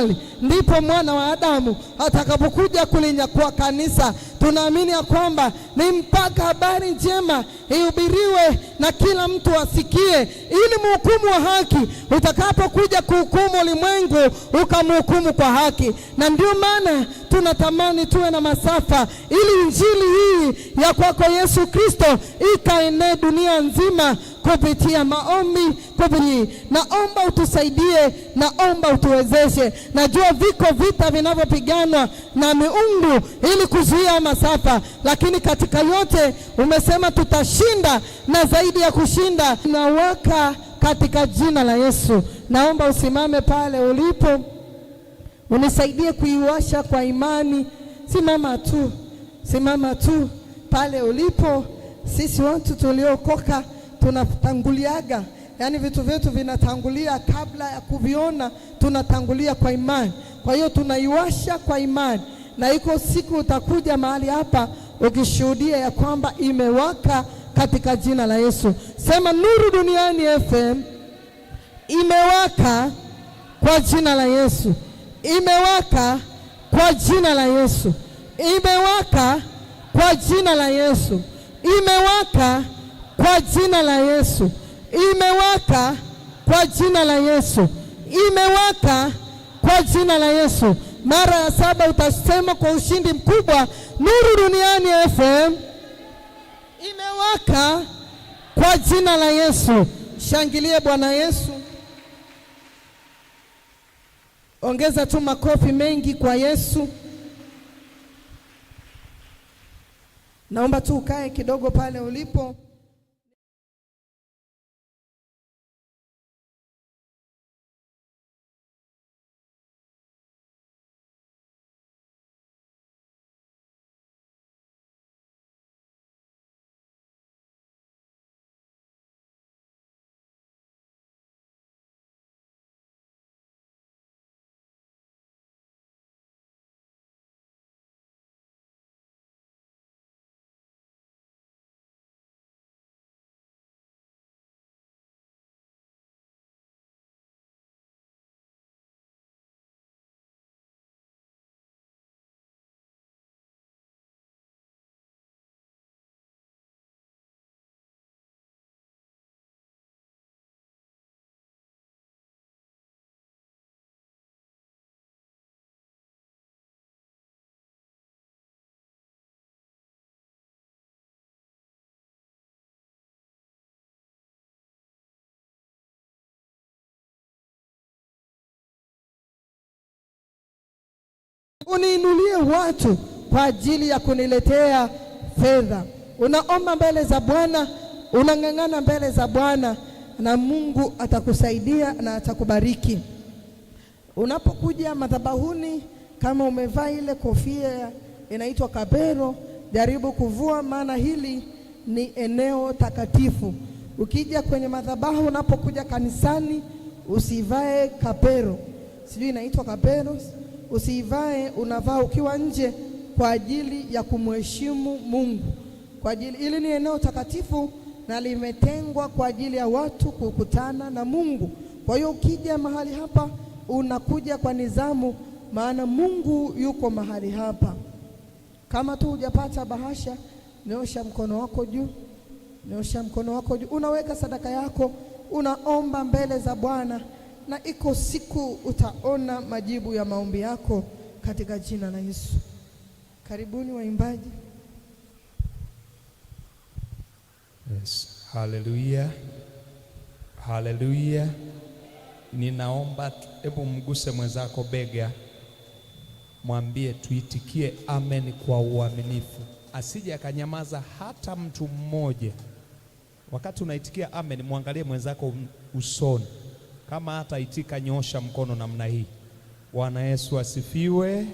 Lawi, ndipo mwana wa Adamu atakapokuja kulinyakua kanisa. Tunaamini ya kwamba ni mpaka habari njema ihubiriwe na kila mtu asikie, ili mhukumu wa haki utakapokuja kuhukumu ulimwengu ukamhukumu kwa haki. Na ndio maana tunatamani tuwe na masafa, ili injili hii ya kwako Yesu Kristo ikaenee dunia nzima kupitia maombi kubiri. Naomba utusaidie, naomba utuwezeshe. Najua viko vita vinavyopiganwa na miungu ili kuzuia masafa, lakini katika yote umesema tutashinda na zaidi ya kushinda. Nawaka katika jina la Yesu, naomba usimame pale ulipo, unisaidie kuiwasha kwa imani. Simama tu, simama tu pale ulipo. Sisi watu tuliokoka tunatanguliaga, yaani vitu vyetu vinatangulia kabla ya kuviona, tunatangulia kwa imani. Kwa hiyo tunaiwasha kwa imani, na iko siku utakuja mahali hapa ukishuhudia ya kwamba imewaka katika jina la Yesu. Sema Nuru Duniani FM imewaka kwa jina la Yesu, imewaka kwa jina la Yesu, imewaka kwa jina la Yesu, imewaka kwa jina la Yesu, imewaka kwa jina la Yesu, imewaka kwa jina la Yesu. Mara ya saba utasema kwa ushindi mkubwa, Nuru Duniani FM imewaka kwa jina la Yesu. Shangilie Bwana Yesu, ongeza tu makofi mengi kwa Yesu. Naomba tu ukae kidogo pale ulipo. uniinulie watu kwa ajili ya kuniletea fedha. Unaomba mbele za Bwana, unang'ang'ana mbele za Bwana na Mungu atakusaidia na atakubariki. Unapokuja madhabahuni, kama umevaa ile kofia inaitwa kapero, jaribu kuvua, maana hili ni eneo takatifu. Ukija kwenye madhabahu, unapokuja kanisani, usivae kapero, sijui inaitwa kapero usiivae unavaa ukiwa nje kwa ajili ya kumheshimu Mungu kwa ajili, ili ni eneo takatifu na limetengwa kwa ajili ya watu kukutana na Mungu. Kwa hiyo ukija mahali hapa unakuja kwa nizamu, maana Mungu yuko mahali hapa. Kama tu hujapata bahasha, nyosha mkono wako juu, nyosha mkono wako juu, unaweka sadaka yako, unaomba mbele za Bwana na iko siku utaona majibu ya maombi yako katika jina la Yesu. Karibuni waimbaji. Yes. Haleluya, haleluya. Ninaomba, hebu mguse mwenzako bega, mwambie tuitikie amen kwa uaminifu, asije akanyamaza hata mtu mmoja. Wakati unaitikia amen, mwangalie mwenzako usoni. Kama hata itika, nyosha mkono namna hii. Bwana Yesu asifiwe.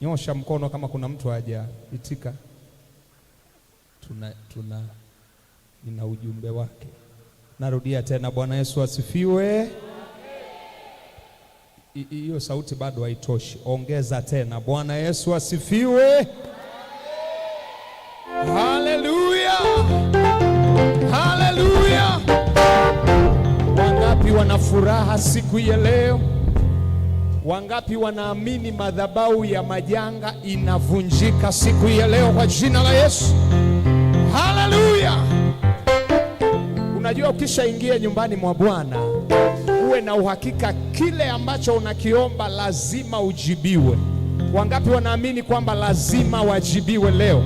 Nyosha mkono kama kuna mtu haja itika. Tuna, tuna ina ujumbe wake. Narudia tena, Bwana Yesu asifiwe. Hiyo sauti bado haitoshi, ongeza tena. Bwana Yesu asifiwe. furaha siku ya leo. Wangapi wanaamini madhabahu ya majanga inavunjika siku ya leo kwa jina la Yesu? Haleluya! Unajua, ukishaingia nyumbani mwa Bwana uwe na uhakika kile ambacho unakiomba lazima ujibiwe. Wangapi wanaamini kwamba lazima wajibiwe leo?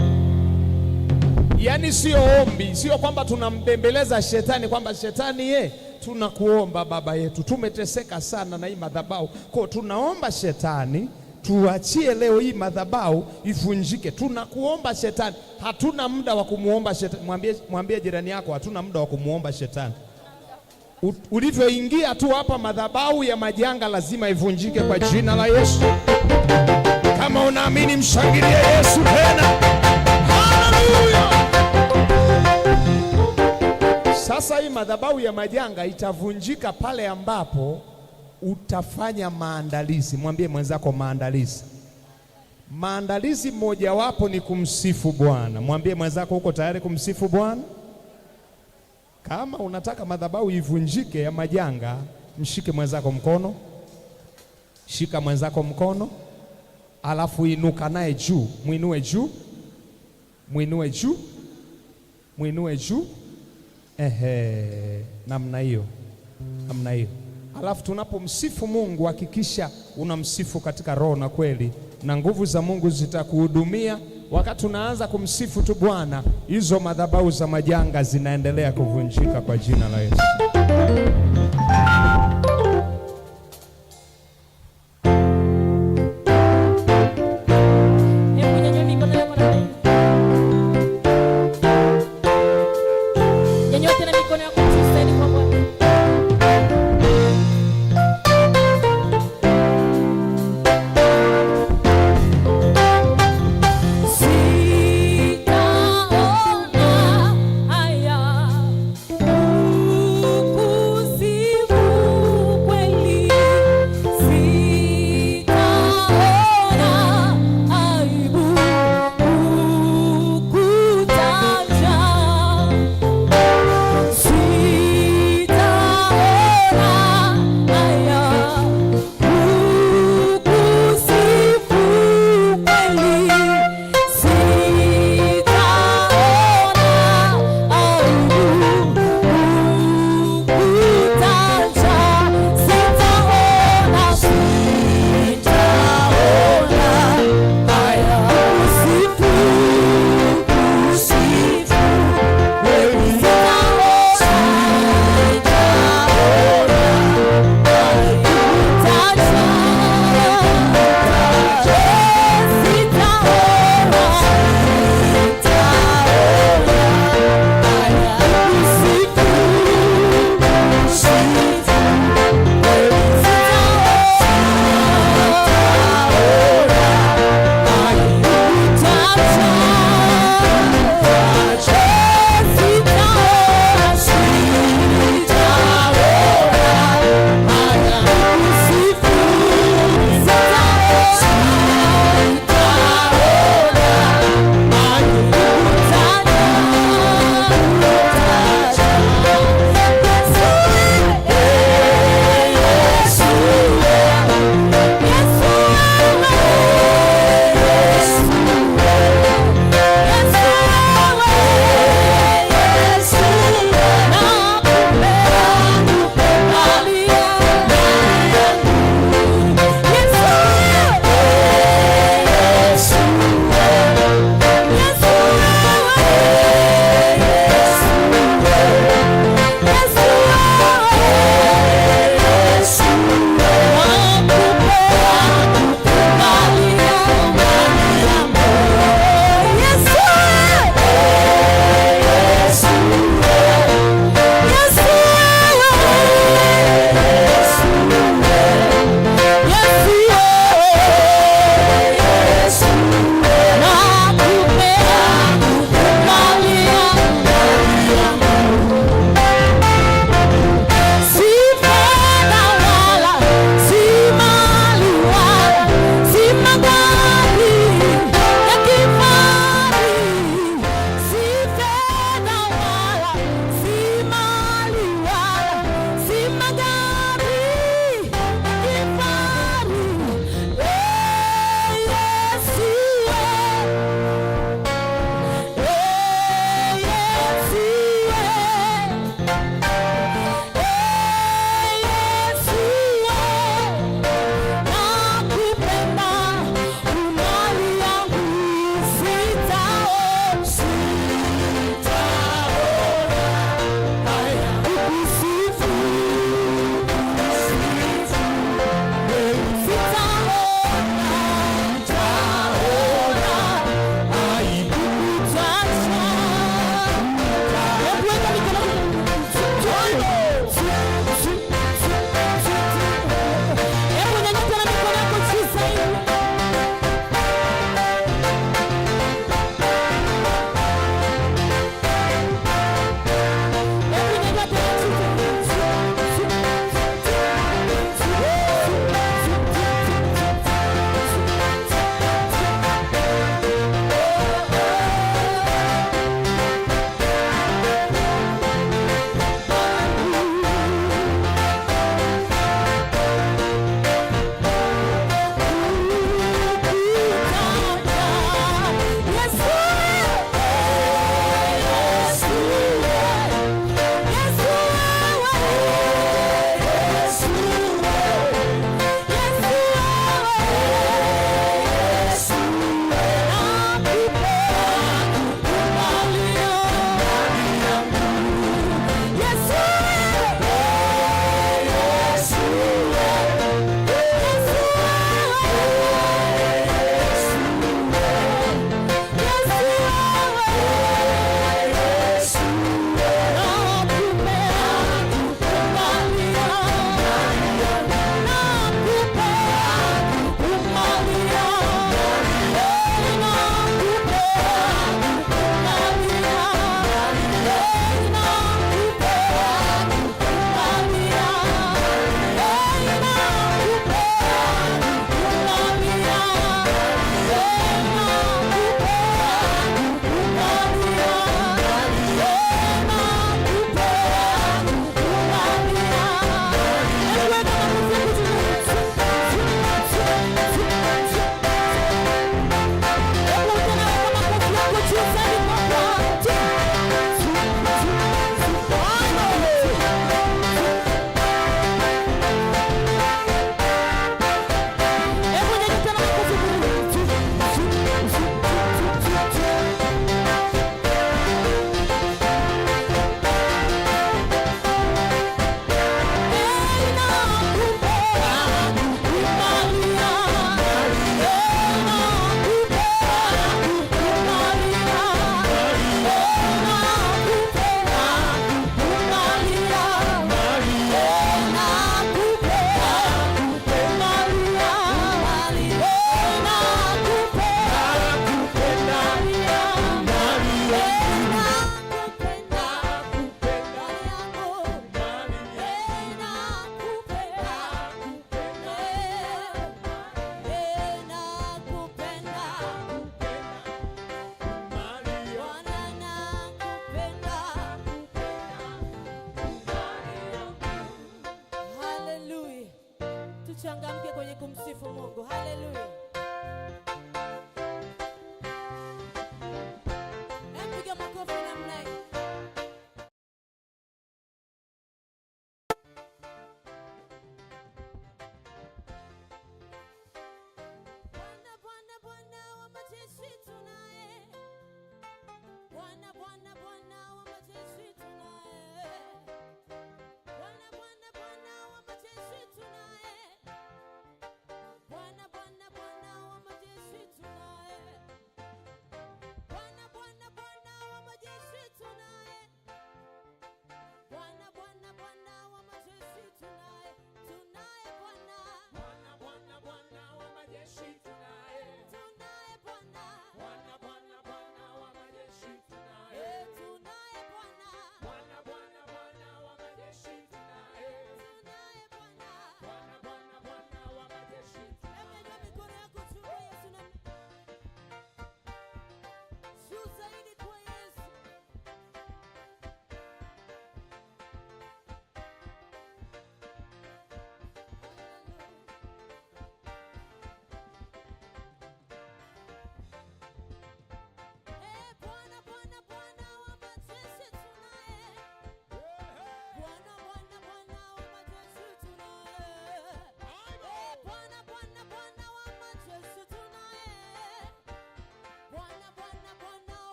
Yaani siyo ombi, sio kwamba tunambembeleza shetani kwamba shetani ye eh, tunakuomba baba yetu, tumeteseka sana na hii madhabahu ko, tunaomba shetani tuachie leo hii madhabahu ivunjike. Tunakuomba shetani, hatuna muda wa kumuomba shetani. Mwambie, mwambie jirani yako, hatuna muda wa kumuomba shetani. Ulivyoingia tu hapa, madhabahu ya majanga lazima ivunjike kwa jina la Yesu. Kama unaamini mshangilie Yesu tena. Haleluya! Sasa hii madhabahu ya majanga itavunjika pale ambapo utafanya maandalizi. Mwambie mwenzako maandalizi. Maandalizi mojawapo ni kumsifu Bwana. Mwambie mwenzako uko tayari kumsifu Bwana? Kama unataka madhabahu ivunjike ya majanga, mshike mwenzako mkono, shika mwenzako mkono, alafu inuka naye juu, mwinue juu, mwinue juu, mwinue juu Ehe, namna hiyo, namna hiyo. Alafu tunapomsifu Mungu hakikisha unamsifu katika roho na kweli, na nguvu za Mungu zitakuhudumia. Wakati unaanza kumsifu tu Bwana, hizo madhabahu za majanga zinaendelea kuvunjika kwa jina la Yesu. Nyanyua tena mikono yako juu.